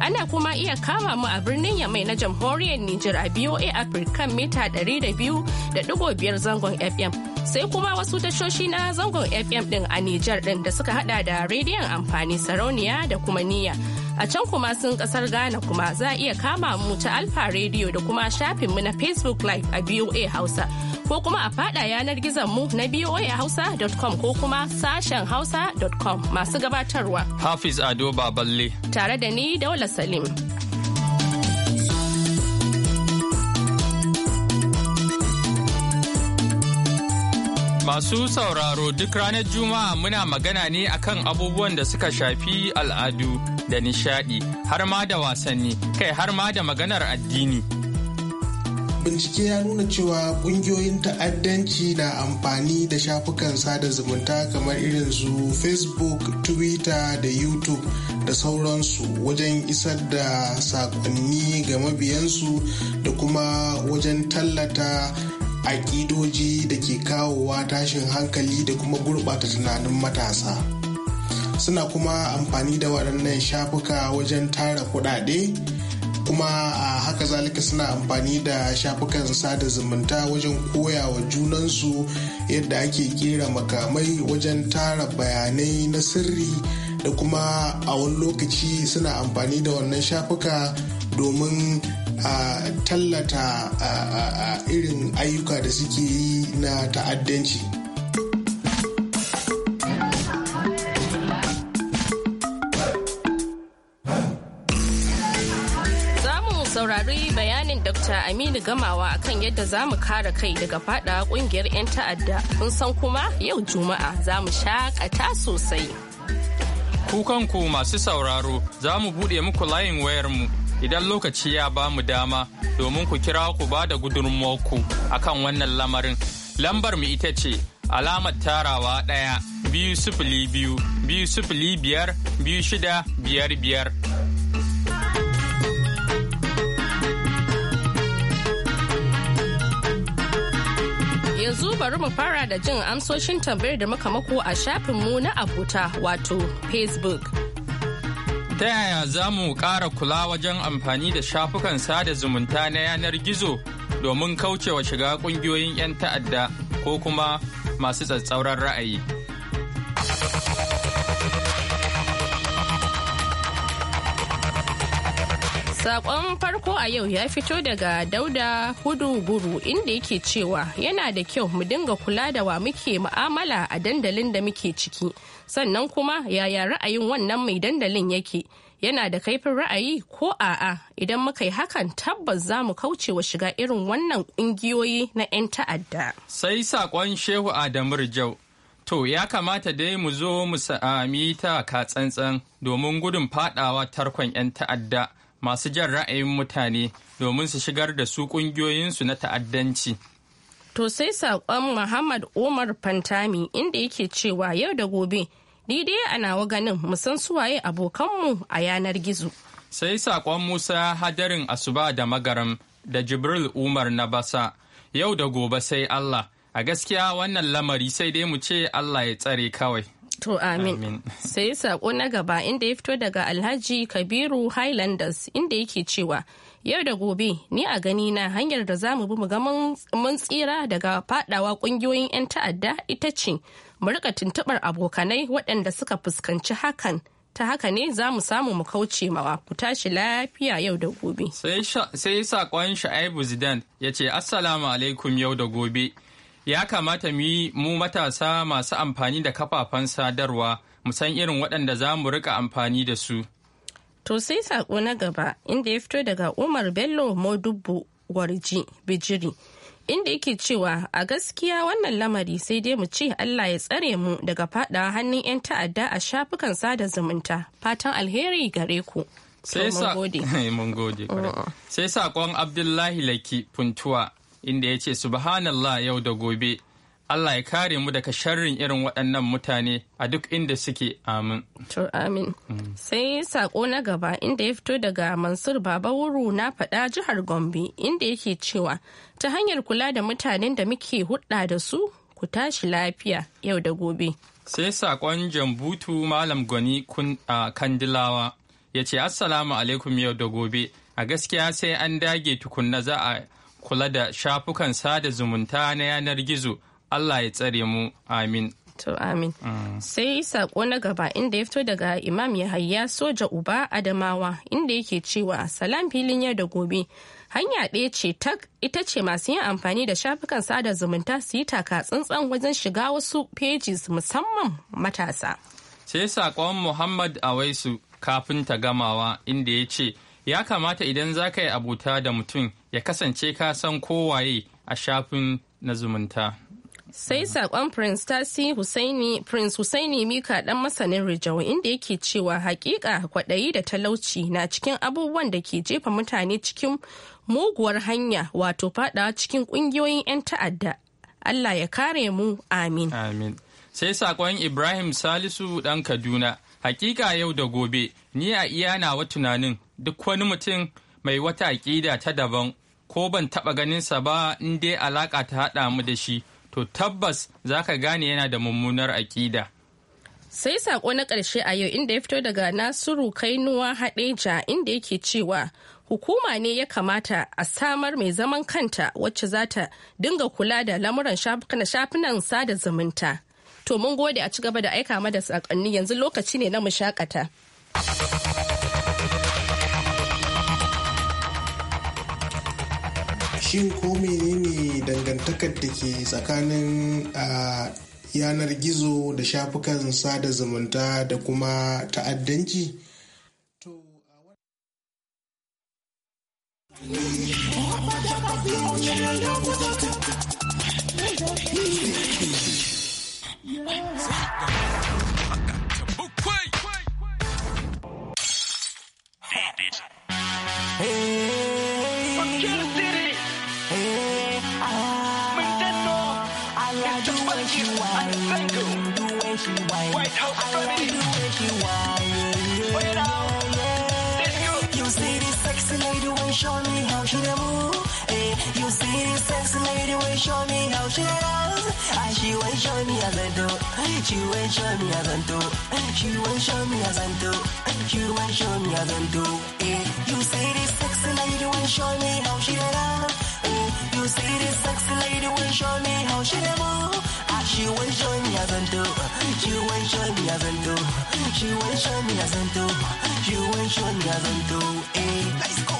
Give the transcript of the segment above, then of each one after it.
Ana kuma iya kama mu a birnin Yamai na jamhuriyar Nijar a BOA Africa kan mita 200.5 zangon FM. Sai kuma wasu tashoshi na zangon FM din a Nijar din da suka hada da rediyon amfani sarauniya da kuma niyya. A can kuma sun kasar Ghana kuma za a iya kama mu ta Alfa Radio da kuma shafinmu na Facebook Live a BOA Hausa. ko kuma a fada yanar gizon mu na voahausa.com ko kuma sashen hausa.com masu gabatarwa. Hafiz Ado Baballe. Tare da ni Daula Salim. Masu sauraro duk ranar Juma'a muna magana ne akan abubuwan da suka shafi al'adu da nishadi har ma da wasanni kai har ma da maganar addini. bincike ya nuna cewa kungiyoyin ta'addanci na amfani da shafukan sada zumunta kamar irin su facebook twitter da youtube da sauransu wajen isar da sakonni ga mabiyansu da kuma wajen tallata aƙidoji da ke kawowa tashin hankali da kuma gurɓata tunanin matasa suna kuma amfani da waɗannan shafuka wajen tara kuɗaɗe kuma a haka zalika suna amfani da shafukan sada zumunta wajen koya wa junansu yadda ake kera makamai wajen tara bayanai na sirri da kuma a wani lokaci suna amfani da wannan shafuka domin a tallata irin ayyuka da suke yi na ta'addanci. Dr. Aminu Gamawa akan yadda za mu kare kai daga fada kungiyar 'yan ta'adda. Kun san kuma yau Juma'a za mu shakata sosai. Kukanku masu sauraro za mu buɗe muku layin wayarmu idan lokaci ya ba mu dama domin ku kira ku ba da gudunmuwarku akan wannan lamarin. Lambar mu ita ce alamar tarawa ɗaya biyu sifili biyu biyu sifili biyar biyu shida biyar biyar yanzu bari mu fara da jin amsoshin tambayar da muka mako a shafinmu na abota wato facebook ta yaya za mu ƙara kula wajen amfani da shafukan sada zumunta na yanar gizo domin kaucewa shiga kungiyoyin 'yan ta'adda ko kuma masu tsatsauran ra'ayi Sakon farko a yau ya fito daga Dauda Hudu Guru inda yake cewa yana da kyau mu dinga kula da wa muke mu'amala a dandalin da muke ciki. Sannan kuma yaya ra'ayin wannan mai dandalin yake. Yana da kaifin ra'ayi ko a'a idan muka yi hakan tabbas za mu kauce wa shiga irin wannan ƙungiyoyi na 'yan ta'adda. Sai sakon Shehu adamur jau To ya kamata dai mu zo mu sami ta ka tsantsan domin gudun fadawa tarkon 'yan ta'adda. masu jan ra'ayin mutane domin su shigar da su ƙungiyoyinsu na ta'addanci. To sai saƙon Muhammad Umar Fantami inda yake cewa yau da gobe, ni dai a nawa ganin mu suwaye abokanmu a yanar gizo. Sai saƙon Musa hadarin Asuba da Magaram da Jibril Umar na Basa, yau da gobe sai Allah, a gaskiya wannan lamari sai dai mu ce Allah ya tsare kawai. To amin. Sai sako na gaba inda ya fito daga Alhaji Kabiru Highlanders inda yake cewa yau da gobe ni a gani na hanyar da za mu bi mu ga mun tsira daga fadawa kungiyoyin 'yan ta'adda ita ce mu rika tuntubar abokanai waɗanda suka fuskanci hakan ta haka ne za mu samu mu kauce mawa ku tashi lafiya yau da gobe. Sai saƙon Sha'ibu zidane ya ce Assalamu alaikum yau da gobe. ya kamata mu yi mu matasa masu amfani da kafafen sadarwa mu san irin waɗanda za mu rika amfani da su. To sai saƙo na gaba inda ya fito daga Umar Bello Modubu Warji Bijiri inda yake cewa a gaskiya wannan lamari sai dai mu ce Allah ya tsare mu daga fada hannun 'yan ta'adda a shafukan sada zumunta fatan alheri gare ku. Oh. Sai saƙon Abdullahi Laki Puntuwa inda ya ce subhanallah yau da gobe Allah ya kare mu daga sharrin irin waɗannan mutane a duk inda suke amin. To amin. Sai sako na gaba inda ya fito daga Mansur baba wuru na faɗa jihar Gombe inda yake cewa ta hanyar kula da mutanen da muke hudda da su ku tashi lafiya yau da gobe. Sai saƙon Jambutu Malam Gwani a Kandilawa ya ce Assalamu alaikum yau da gobe a gaskiya sai an dage tukunna za a kula da shafukan sada zumunta na yanar gizo Allah ya tsare mu amin to amin sai sako na gaba inda ya fito daga imam yahaya soja uba adamawa inda yake cewa salam filin yau da gobe hanya ɗaya ce tak ita ce masu yin amfani da shafukan sada zumunta su yi taka tsantsan wajen shiga wasu pages musamman matasa sai sakon muhammad awaisu kafin ta gamawa inda ya ce ya kamata idan za ka yi abuta da mutum ya kasance ka san kowaye a shafin na zumunta. sai saƙon prince tasi husaini prince husaini mika ɗan masanin rijau inda yake cewa haƙiƙa kwaɗayi da talauci na cikin abubuwan da ke jefa mutane cikin muguwar hanya wato faɗawa cikin ƙungiyoyin 'yan ta'adda allah ya kare mu amin amin sai saƙon ibrahim salisu ɗan kaduna haƙiƙa yau da gobe ni a iya nawa tunanin duk wani mutum mai wata aƙida ta daban ko ban taɓa sa ba in dai alaƙa ta haɗa mu da shi to tabbas za ka gane yana da mummunar aƙida. sai saƙo na ƙarshe a yau inda ya fito daga nasiru kainuwa haɗeja inda yake cewa hukuma ne ya kamata a samar mai zaman kanta wacce za ta dinga kula da lamuran shafinan sada zumunta to mun gode a ci gaba da aika mada saƙonni yanzu lokaci ne na mu shakata. shin ko menene dangantakar da ke tsakanin a yanar gizo da shafukan sada zumunta da kuma ta'addanci Yeah. shanu ya zanto shi ruwan shanu ya zanto shi ya zanto you say this lady show me how she you say this lady show me how she ya zanto ya zanto ya zanto ya zanto eh let's go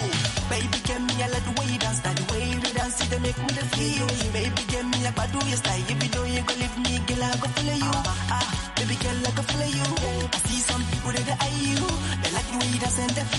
baby me let the way dance that way dance make me feel baby give me a badu if you don't you go leave me girl I go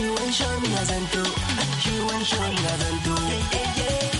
She won't show me zanto. zanto. Yeah, yeah, yeah.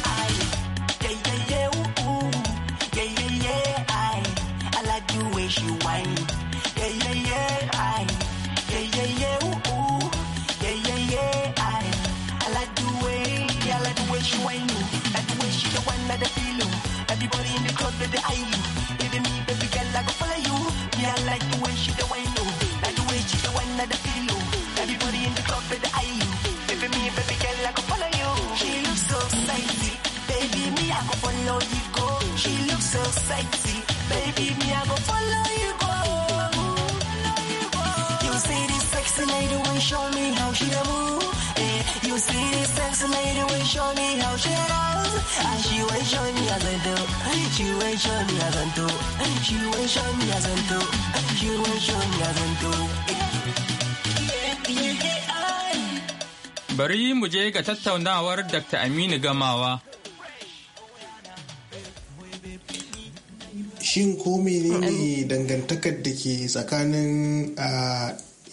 bari mu je ga tattaunawar dr aminu gamawa shin ko menene dangantakar da ke tsakanin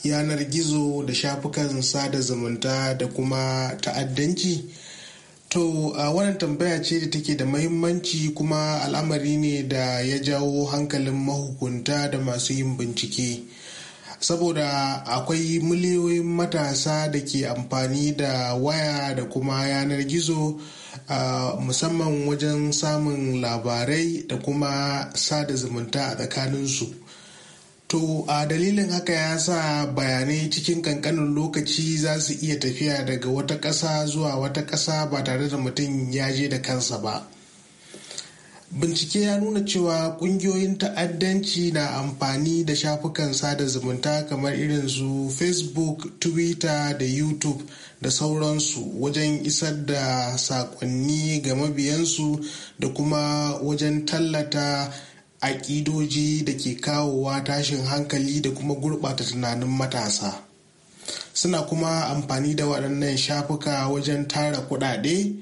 yanar gizo da shafukan sada zumunta da kuma ta'addanci To a wannan tambaya ce da take da mahimmanci kuma al'amari ne da ya jawo hankalin mahukunta da masu yin bincike. Saboda akwai miliyoyin matasa da ke amfani da waya da kuma yanar gizo uh, musamman wajen samun labarai da kuma sada zumunta a tsakaninsu. To a dalilin haka ya sa bayanai cikin kankanin lokaci za su iya tafiya daga wata ƙasa zuwa wata ƙasa ba tare da mutum ya je da kansa ba. Bincike ya nuna cewa ƙungiyoyin ta'addanci na amfani da shafukan sada zumunta kamar irin su Facebook, Twitter da YouTube da sauransu wajen isar da saƙonni ga mabiyansu da kuma wajen tallata aƙidoji da ke kawowa tashin hankali da kuma gurɓata tunanin matasa suna kuma amfani da waɗannan shafuka wajen tara kuɗaɗe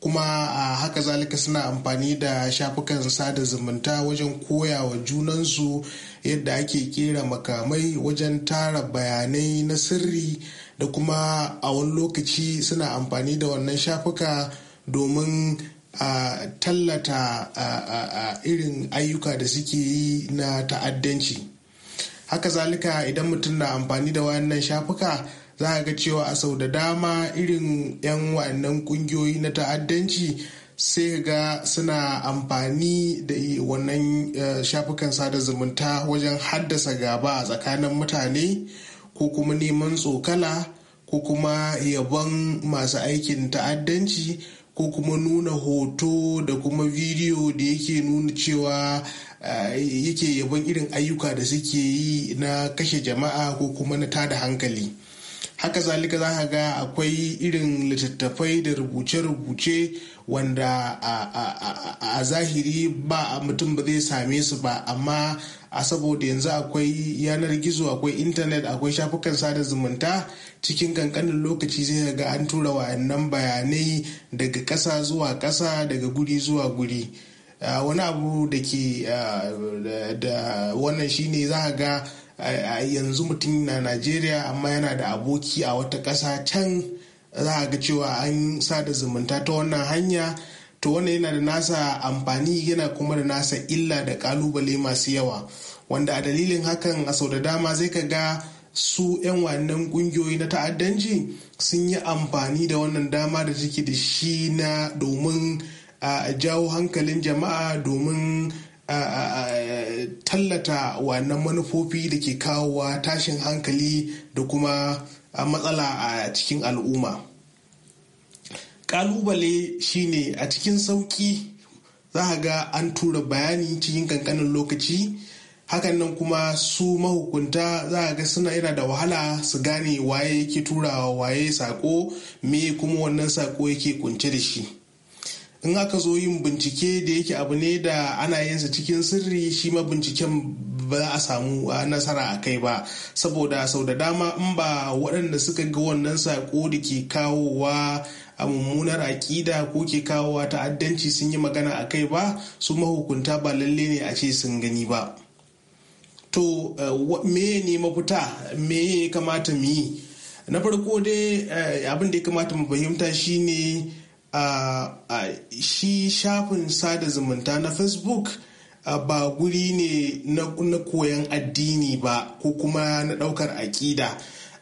kuma a haka zalika suna amfani da shafukan sada zumunta wajen koya wa junansu yadda ake kera makamai wajen tara bayanai na sirri da kuma a wani lokaci suna amfani da wannan shafuka domin a tallata irin ayyuka da suke yi na ta'addanci haka zalika idan mutum na amfani da wayannan shafuka za ga cewa a sau da dama irin 'yan wannan kungiyoyi na ta'addanci sai ga suna amfani da wannan e, shafukan sada zumunta wajen haddasa gaba a tsakanin mutane ko kuma neman tsokala ko kuma yabon masu aikin ta'addanci ko kuma nuna hoto da kuma bidiyo da yake nuna cewa yake yabon irin ayyuka da suke yi na kashe jama'a ko kuma na tada hankali haka zalika za ga akwai irin littattafai da rubuce-rubuce wanda a zahiri ba mutum ba zai same su ba amma a saboda yanzu akwai yanar gizo akwai intanet akwai shafukan sada zumunta cikin kankanin lokaci zai ga an tura wa'annan bayanai daga ƙasa zuwa ƙasa daga guri zuwa guri wani abu da ke da wannan shine za a ga yanzu mutum na najeriya amma yana da aboki a wata ƙasa can za a ga cewa an sa da zumunta ta wannan hanya to wannan yana da nasa amfani yana kuma da nasa illa da kalubale masu yawa wanda a dalilin hakan a sau da dama zai ka ga su 'yan wannan kungiyoyi na ta'addanci sun yi amfani da wannan dama da take da shi na domin jawo hankalin jama'a domin tallata wannan manufofi da ke kawowa tashin hankali da kuma a matsala a cikin al'umma ƙalubale shine a cikin sauƙi za a ga an tura bayani cikin kankanin lokaci hakan nan kuma su mahukunta za a ga suna yana da wahala su gane waye yake turawa waye sako me kuma wannan sako yake kunce da shi in aka zo yin bincike da yake abu ne da ana yinsa cikin sirri shi ma binciken ba za a samu ah, nasara a kai ba saboda sau da dama in ba waɗanda suka ga wannan saƙo da ke kawowa a ah, mummunar aƙida ko ke kawowa ta'addanci sun yi magana a kai ba su mahukunta ba lalle ne a ce sun gani ba to ah, me ne mafita me ya kamata mu yi na farko dai eh, abin da ya kamata mu fahimta shine shi shafin sada zumunta na facebook ba guri ne na koyon addini ba ko kuma na ɗaukar aƙida.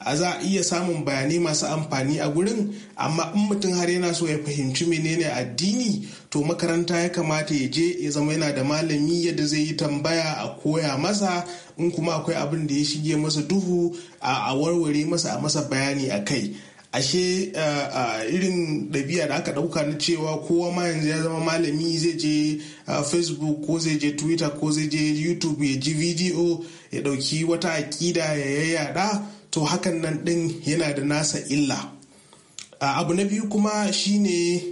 a za a iya samun bayanai masu amfani a gurin amma in mutum har yana so ya fahimci menene addini to makaranta ya kamata ya je ya zama yana da malami yadda zai yi tambaya a koya masa in kuma akwai abin da ya shige masa duhu a warware masa a masa bayani a kai ashe irin ɗabi'a da aka ɗauka na cewa kowa ma yanzu ya zama malami zai je facebook ko zai je twitter ko zai je youtube ya ji video ya ɗauki wata aƙida ya yayyada to hakan nan ɗin yana da nasa illa abu na biyu kuma shine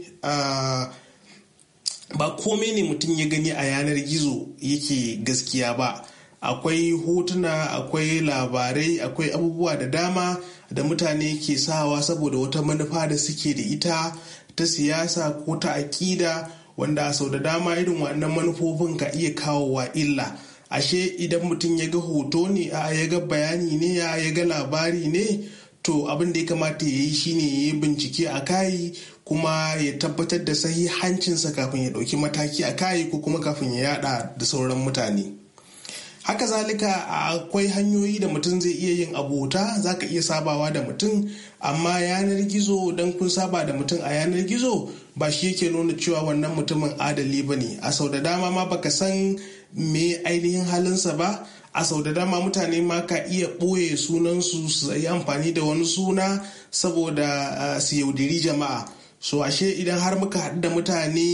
ba komai ne mutum ya gani a yanar gizo yake gaskiya ba akwai hotuna akwai labarai akwai abubuwa da dama da mutane ke sawa saboda wata manufa da suke da ita ta siyasa ko ta aƙida wanda sau da dama irin wannan manufofin ka iya kawowa illa ashe idan mutum ya ga hoto ne a ya ga bayani ne a ya ga labari ne to abin da ya kamata ya yi shine ya yi bincike a kayi kuma ya tabbatar da sahihancinsa kafin ya ɗauki mataki a kayi ko kuma kafin ya yada da sauran mutane. haka zalika akwai hanyoyi da mutum zai iya yin abota za ka iya sabawa da mutum amma yanar gizo don kun saba da mutum a yanar gizo ba shi yake nuna cewa wannan mutumin adali ba ne a sau da dama ma baka san me ainihin halinsa ba a sau da dama mutane ma ka iya ɓoye sunansu su yi amfani da wani suna saboda su yaudiri jama'a so ashe idan har muka haɗu da mutane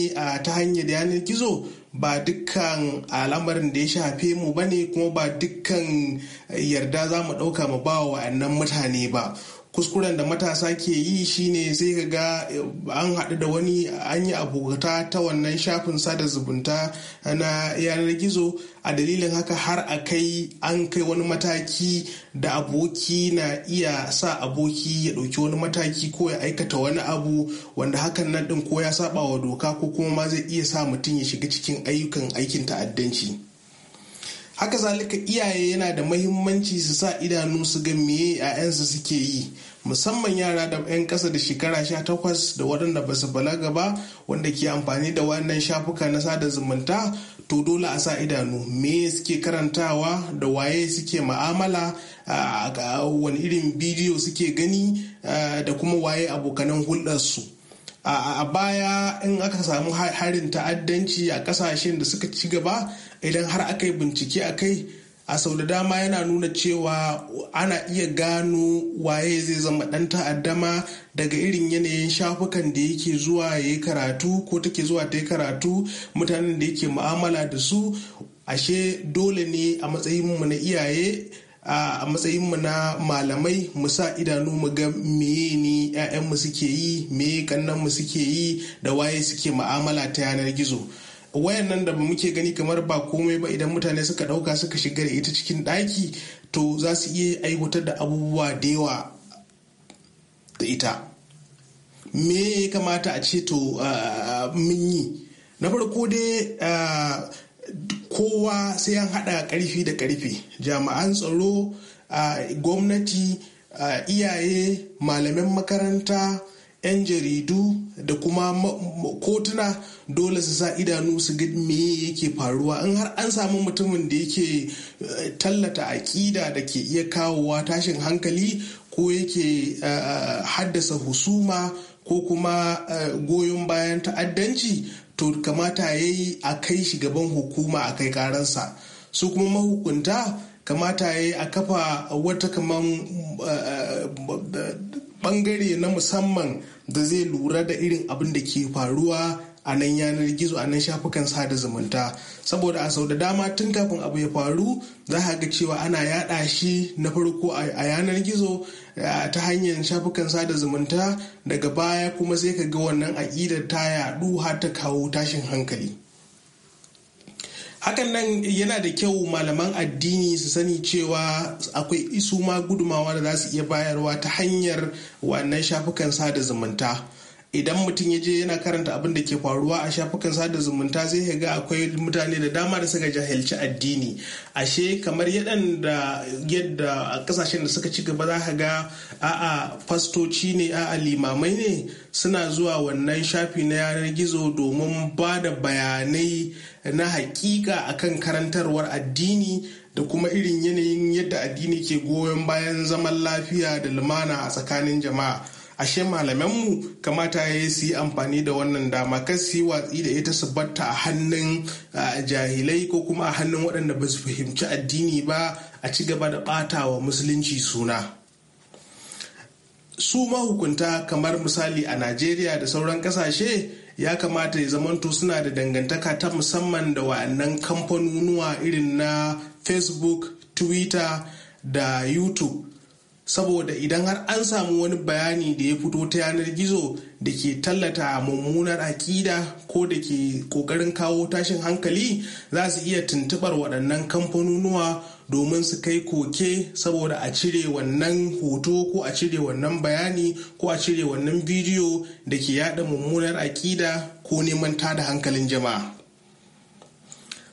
ta hanyar yanar gizo ba dukkan al'amarin da ya shafe mu ba ne kuma ba dukkan yarda za mu ɗauka mu ba wa mutane ba kuskuren da matasa ke yi shine sai ka ga eh, an haɗu da wani an yi abokata ta wannan shafin sada zumunta na yanar gizo a dalilin haka har a kai an kai wani mataki da aboki na iya sa aboki ya ɗauki wani mataki ko ya aikata wani abu wanda hakan na ɗin ko ya saba wa doka ko kuma ma zai iya sa mutum ya shiga cikin ayyukan aikin ta'addanci. haka zalika iyaye yana da mahimmanci su sa idanu su ga meye 'ya'yansu suke yi musamman yara da 'yan kasa da shekara sha 18 da waɗanda ba su balaga ba wanda ke amfani da wannan shafuka na sada zumunta to dole a sa idanu me suke karantawa da waye suke ma'amala wani irin bidiyo suke gani da kuma waye abokanan hulɗarsu. a baya in aka samu harin ta'addanci a kasashen da suka ci gaba idan har aka yi bincike a kai a sau da dama yana nuna cewa ana iya gano waye zai zama ɗan ta'addama daga irin yanayin shafukan da yake zuwa ya yi karatu ko take zuwa ta yi karatu mutanen da yake mu'amala da su ashe dole ne a matsayinmu na iyaye a matsayinmu na malamai mu sa idanu mu ga meye ne 'ya'yanmu suke yi meye kannanmu suke yi da waye suke mu'amala ta yanar gizo. wayan nan da muke gani kamar ba komai ba idan mutane suka ɗauka suka shiga da ita cikin daki to za su iya aiwatar da abubuwa da yawa da ita me ya kamata a ce to ah, mun yi na farko dai ah, kowa sai an hada ƙarfi da karfi jami'an tsaro ah, gwamnati iyaye malaman makaranta 'yan jaridu da kuma kotuna dole su sa idanu su ga me yake faruwa in har an samu mutumin da yake eh, tallata aƙida da ke iya kawowa tashin hankali ko yake eh, haddasa husuma ko kuma eh, goyon bayan ta'addanci to kamata ya yi a kai shi gaban hukuma a kai karansa su kuma mahukunta kamata ya yi a kafa wata kamar. bangare na musamman da zai lura da irin abin da ke faruwa a nan yanar gizo a nan shafukan sada zumunta saboda a sau da dama tun kafin abu ya faru za a ga cewa ana yada shi na farko a yanar gizo ta hanyar shafukan sada zumunta daga baya kuma sai ka ga wannan aƙidar ta yaɗu har ta kawo tashin hankali. hakan nan yana da kyau malaman addini su sani cewa akwai isu ma gudumawa da za su iya bayarwa ta hanyar wannan shafukan sada zumunta idan mutum ya je yana karanta abin da ke faruwa a shafukan sada zumunta zai ya ga akwai mutane da dama da suka jahilci addini ashe kamar yadda yadda a kasashen da suka ci gaba za ka ga a'a fastoci ne a'a limamai ne suna zuwa wannan shafi na yanar gizo domin ba da bayanai na hakika akan karantarwar addini da kuma irin yanayin yadda addini ke goyon bayan zaman lafiya da lumana a tsakanin jama'a ashe malamanmu kamata ya yi yi amfani da wannan dama kar su yi watsi da ita su batta a hannun jahilai ko kuma a hannun waɗanda ba su fahimci addini ba a ci gaba da ɓata wa musulunci suna su mahukunta kamar misali a najeriya da sauran ƙasashe ya kamata ya zamanto suna da dangantaka ta musamman da wa'annan kamfanonuwa irin na facebook twitter da youtube saboda idan har an samu wani bayani da ya fito ta yanar gizo da ke tallata mummunar akida ko da ke kokarin kawo tashin hankali za su iya tuntubar waɗannan kamfanonuwa domin su kai koke saboda a cire wannan hoto ko a cire wannan bayani ko a cire wannan bidiyo da ke yada mummunar akida ko neman tada hankalin jama'a.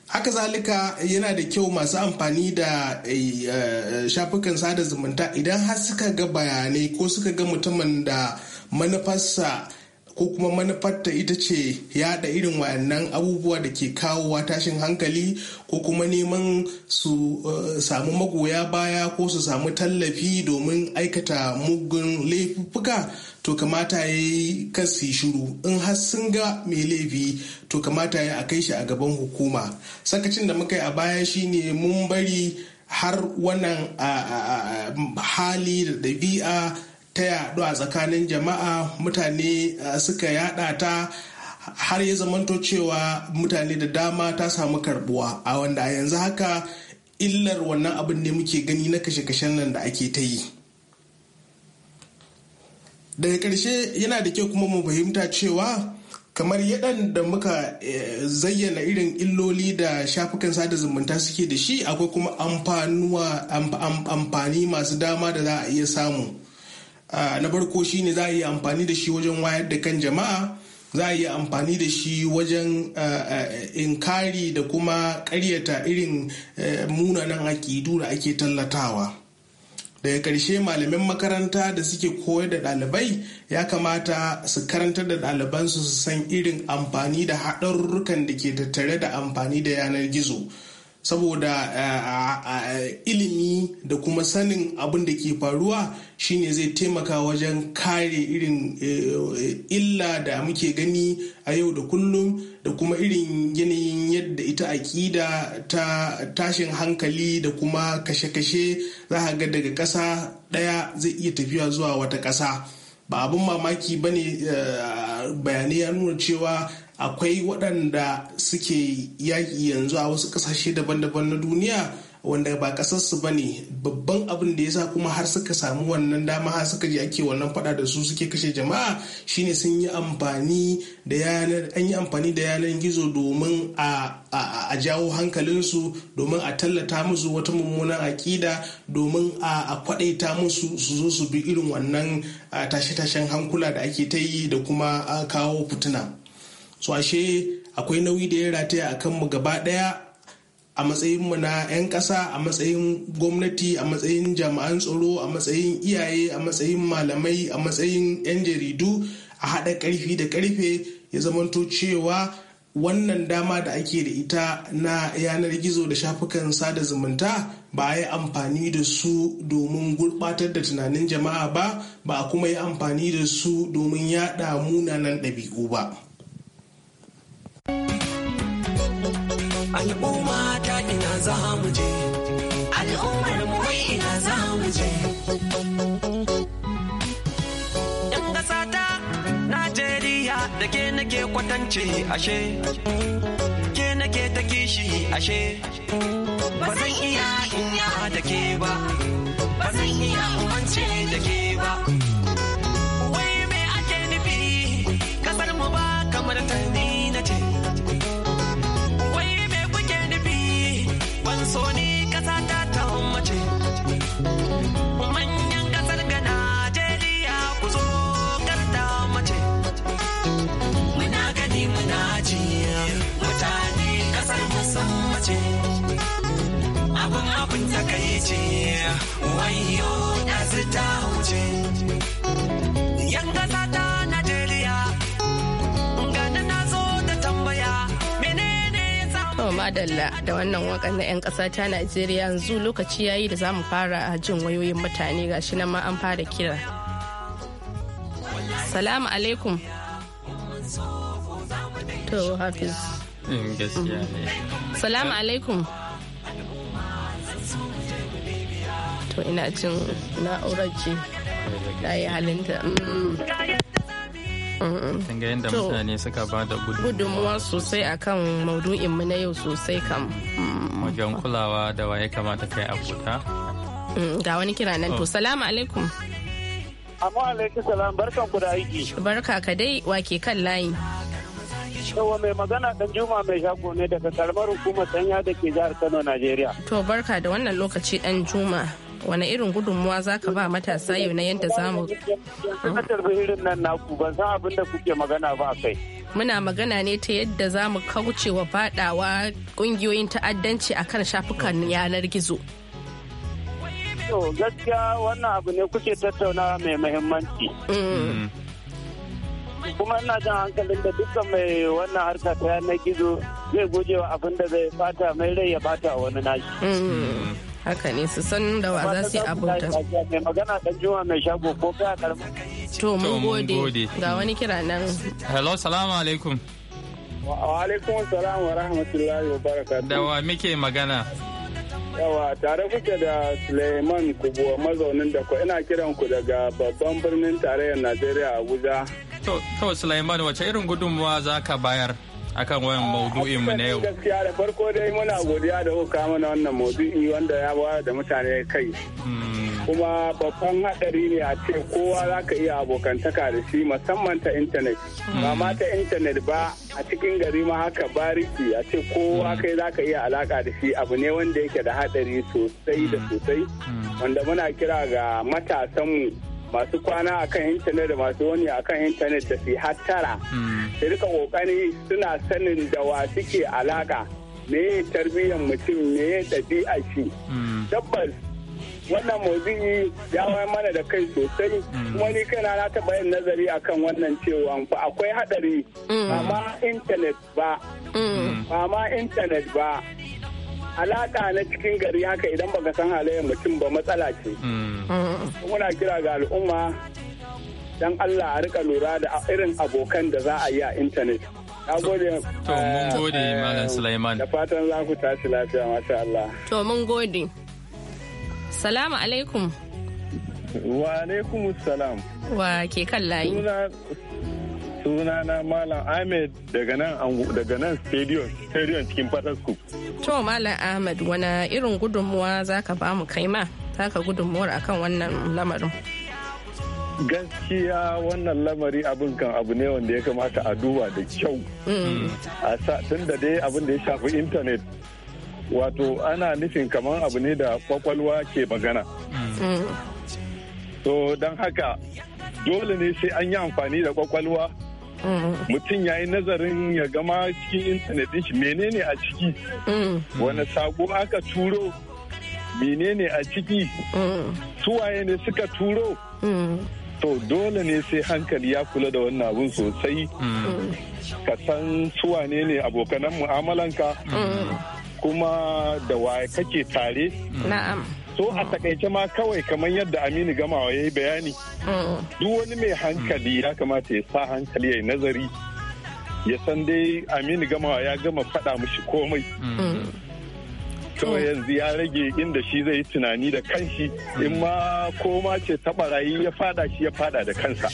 haka zalika yana da kyau masu amfani da eh, eh, shafukan sada zumunta idan har suka ga bayanai ko suka ga mutumin da manufarsa ko kuma manufarta ita ce yada irin wayannan abubuwa da ke kawowa tashin hankali ko kuma neman su eh, samu magoya baya ko su samu tallafi domin aikata mugun laifuka to kamata ya yi kasi shiru in har sun ga mai laifi to kamata ya a kai shi a gaban hukuma sakacin da muka yi a baya shine mun bari har wannan hali da ɗabi'a ta yaɗu a tsakanin jama'a mutane suka yaɗa ta har ya zamanto cewa mutane da dama ta samu karbuwa a wanda a yanzu haka illar wannan abin ne muke gani na kashe-kashen nan da ake ta yi. daga ƙarshe yana da kyau kuma mu fahimta cewa kamar yadan da muka eh, zayyana irin illoli da shafukan sada zumunta suke da shi akwai kuma amfani masu dama da za a iya samu ah, na farko shine za a iya amfani da shi wajen wayar da kan jama'a za a iya amfani da shi wajen eh, eh, inkari da kuma karyata irin munanan aƙidu da ake tallatawa. daga ƙarshe malamin makaranta da suke koyar da ɗalibai ya kamata su karantar da ɗalibansu su san irin amfani da haɗarurrukan da ke tattare da amfani da yanar gizo saboda eh, ilimi da kuma sanin abin da ke faruwa shine zai taimaka wajen kare irin eh, eh, illa da muke gani a yau da kullum da kuma irin yanayin yadda ita aƙida ta tashin hankali da kuma kashe-kashe za a ga daga ƙasa ɗaya zai iya tafiya zuwa wata ƙasa ba abin mamaki ba ne bayanai ya nuna cewa akwai waɗanda suke yaƙi yanzu a wasu ƙasashe daban-daban na duniya wanda ba ƙasarsu ba ne babban abin da ya sa kuma har suka samu wannan dama har suka je ake wannan faɗa da su suke kashe jama'a shine sun yi amfani da yanar an yi amfani da yanar gizo domin a jawo hankalinsu domin a tallata musu wata mummunan aƙida domin a kwaɗaita musu su zo su bi irin wannan tashe-tashen hankula da ake ta yi da kuma a kawo fituna. so ashe akwai nauyi da ya rataya a kanmu gaba ɗaya a matsayinmu na 'yan ƙasa a matsayin gwamnati a matsayin jami'an tsaro a matsayin iyaye a matsayin malamai a matsayin 'yan jaridu a haɗa ƙarfi da ƙarfe ya zamanto cewa wannan dama da ake da ita na yanar gizo da shafukan sada zumunta ba a yi amfani da su domin gurbatar da tunanin jama'a ba ba a kuma yi amfani da su domin yada munanan ɗabi'u ba Al'umma ta ina za mu je, wai ina za mu je. ‘Yan ƙasa ta Najeriya da ke nake kwatance ashe, ke nake ta kishi ashe, ba zan iya inya da ke ba, ba zan iya umance da ke ba. Wai me ake nufi, ƙasar mu ba kamar ta yan ta najeriya na zo tambaya menene ya madalla da wannan wakan na 'yan ƙasa ta najeriya yanzu lokaci ya yi da za mu fara jin wayoyin mutane ga shi nan ma an fara kira salamu alaikum to hafiz mm, salamu alaikum to ina cin na'urar ce da ya halinta kin ga yadda mutane suka ba da gudunmuwa sosai akan maudu'in mu na yau sosai kam wajen kulawa da waye kamata kai abota mm, ga wani kira nan to oh. salamu alaikum amma alaikum salam barkan ku da aiki barka ka dai wake kan layi yawa mai magana dan juma mai shago ne daga karamar hukumar sanya da ke jihar kano najeriya to barka da wannan lokaci dan juma wani irin gudunmuwa za ka ba matasa yau na yadda za mu naku kuke magana ba kai muna magana ne ta yadda za mu kauce wa fadawa kungiyoyin ta'addanci a kan shafukan yanar gizo gaskiya wannan abu ne kuke tattaunawa mai mahimmanci mm. kuma ina jan hankalin da duka mai wannan harka ta yanar gizo zai gujewa abin da zai fata mai rai ya bata wani nashi mm. haka ne su san da wa za su yi abota mai magana dan juma mai shago ko ka karamin to mun gode ga wani kira nan hello salamu alaikum wa alaikum salam wa rahmatullahi wa barakatuh da wa muke magana yawa tare kuke da suleiman kubuwa mazaunin da ku ina kiran ku daga babban birnin tarayyar najeriya abuja to suleiman wace irin gudunmuwa za ka bayar akan wayan maudu'in mu na yau. Gaskiya da farko dai muna godiya da kuka mana wannan maudu'i wanda ya bayar da mutane kai. Hmm. Kuma babban haɗari ne a ce kowa za ka iya abokantaka da shi musamman ta intanet. Hmm. Ba ma ta intanet ba a cikin gari ma haka bariki a ce kowa hmm. kai za ka iya alaka da shi abu ne wanda yake da haɗari sosai da sosai. Wanda muna kira ga matasanmu masu kwana akan intanet da masu wani akan intanet da su hattara da hmm. rika kokani suna sanin da wa suke alaka me tarbiyyar mutum me a shi hmm. tabbas wannan maudu'i ya wayar mana da kai sosai hmm. kuma ni na taba yin nazari akan wannan cewa fa akwai haɗari ba ma intanet ba ba ma intanet ba alaka na cikin gari haka idan baka san halayen mutum ba matsala ce mm. muna kira ga al'umma don Allah a rika lura da irin abokan da za a yi a intanet to mun eh, gode eh, malam Sulaiman da fatan za ku tashi lafiya masha Allah to mun gode salamu alaikum wa alaikum salam wa ke kan layi sunana malam ahmed daga nan daga stadium cikin fatasku To mala Ahmad wana irin gudunmuwa za ka ba mu kaima? Taka gudunmuwar akan wannan lamarin. gaskiya wannan lamari abin kan abu ne wanda ya kamata a duba da kyau mm. a tun da dai abin da ya shafi intanet wato ana nufin kamar abu ne da kwakwalwa ke magana to mm. don haka dole ne sai an yi amfani da kwakwalwa mutum ya yi nazarin ya gama cikin intanet ɗin shi menene a ciki wani sako aka turo menene a ciki suwaye ne suka turo to dole ne sai hankali ya kula da wannan abun sosai ka san suwane ne abokanan mu'amalanka kuma da waye kake tare so a takaice ma kawai kamar yadda aminu gamawa ya yi bayani duk wani mai hankali ya kamata ya sa hankali ya yi nazari ya san dai aminu gamawa ya gama faɗa mushi komai to yanzu ya rage inda shi zai yi tunani da kanshi in ma koma ce ta barayi ya fada shi ya fada da kansa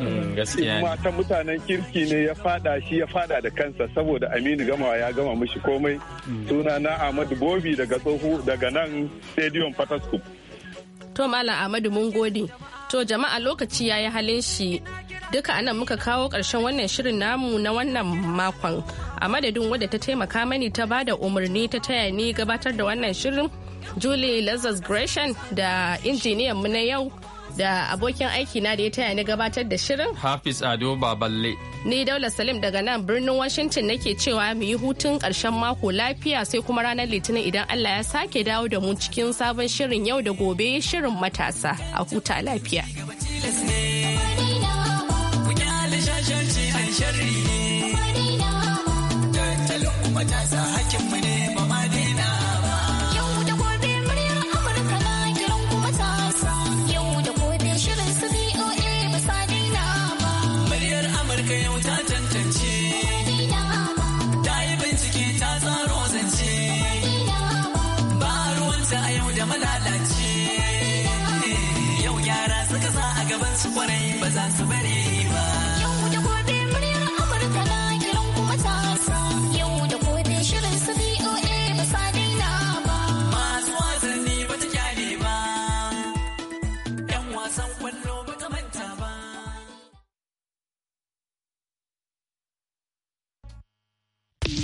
Mm, gaskiya kuma ta mutanen kirki ne ya fada shi ya fada da kansa saboda Aminu Gamawa ya gama mushi komai mm. suna na Ahmadu Bobi daga tsohu daga nan Stadium Fataskum to Malam Ahmadu mun gode to jama'a lokaci ya yi halin shi duka anan muka kawo ƙarshen wannan shirin namu na wannan makon a madadin wadda ta taimaka mani ta ba da umarni ta taya ni gabatar da wannan shirin julie lazarus gresham da injiniyan mu na yau da abokin aiki na da ya taya ni gabatar da shirin. Hafiz Ado Baballe. Ni Daula Salim daga nan birnin Washington nake cewa mu yi hutun ƙarshen mako lafiya sai kuma ranar Litinin idan Allah ya sake dawo da mu cikin sabon shirin yau da gobe shirin matasa a huta lafiya. Matasa hakin